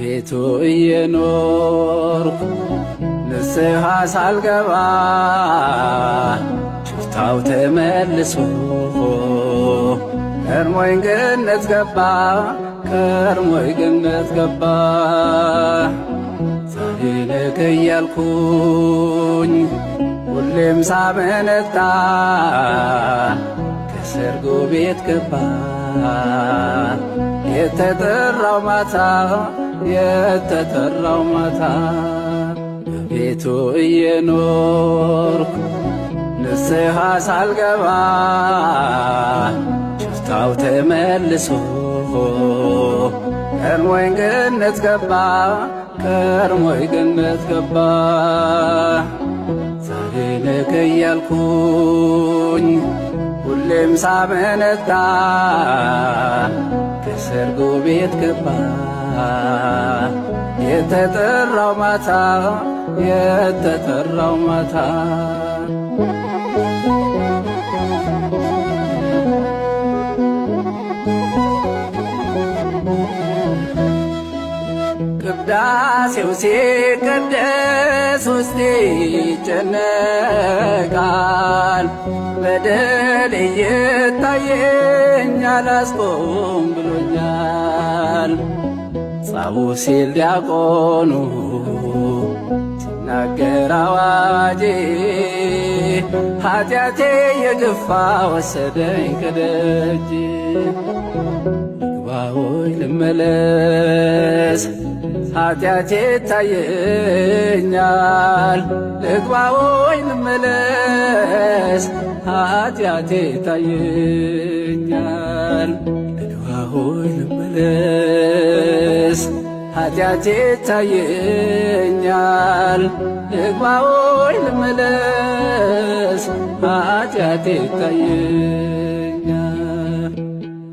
ቤቱ እየኖርኩ ንስሐ ሳልገባ ሽፍታው ተመልሶ ከርሞይ ገነት ገባ ከርሞይ ገነት ገባ ዛሬ ነገ እያልኩኝ ሁሌም ሳመነታ ከሰርጎ ቤት ገባ የተጠራው ማታ የተጠራው ማታ ቤቱ እየኖርኩ ንስሐ ሳልገባ ሽፍታው ተመልሶ ከርሞይ ገነት ገባ ከርሞይ ገነት ገባ ዛሬ ነገ እያልኩኝ ሁሌም ሳመነታ ከሰርጎ ቤት ገባ የተጠራው ማታ የተጠራው ማታ ቅዳሴው ሲቀደ መንፈስ ውስጤ ይጨነቃል፣ በደል እየታየኝ አላስቆም ብሎኛል። ጻቡ ሲል ዲያቆኑ ሲናገር አዋጄ ኃጢአቴ የግፋ ወሰደኝ ከደጅ ልመለስ ኃጢአቴ ታየኛል ልግባ ወይ ልመለስ ኃጢአቴ ታየኛል ልግባ ወይ ልመለስ ኃጢአቴ ታየኛል ልግባ ወይ ልመለስ ኃጢአቴ ታየ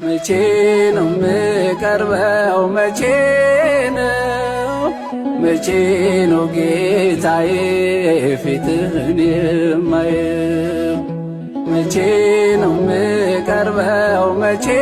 መቼ ነው የምቀርበው? መቼ ነው መቼ ነው ጌታዬ ፊትህን የማየው? መቼ ነው የምቀርበው? መቼ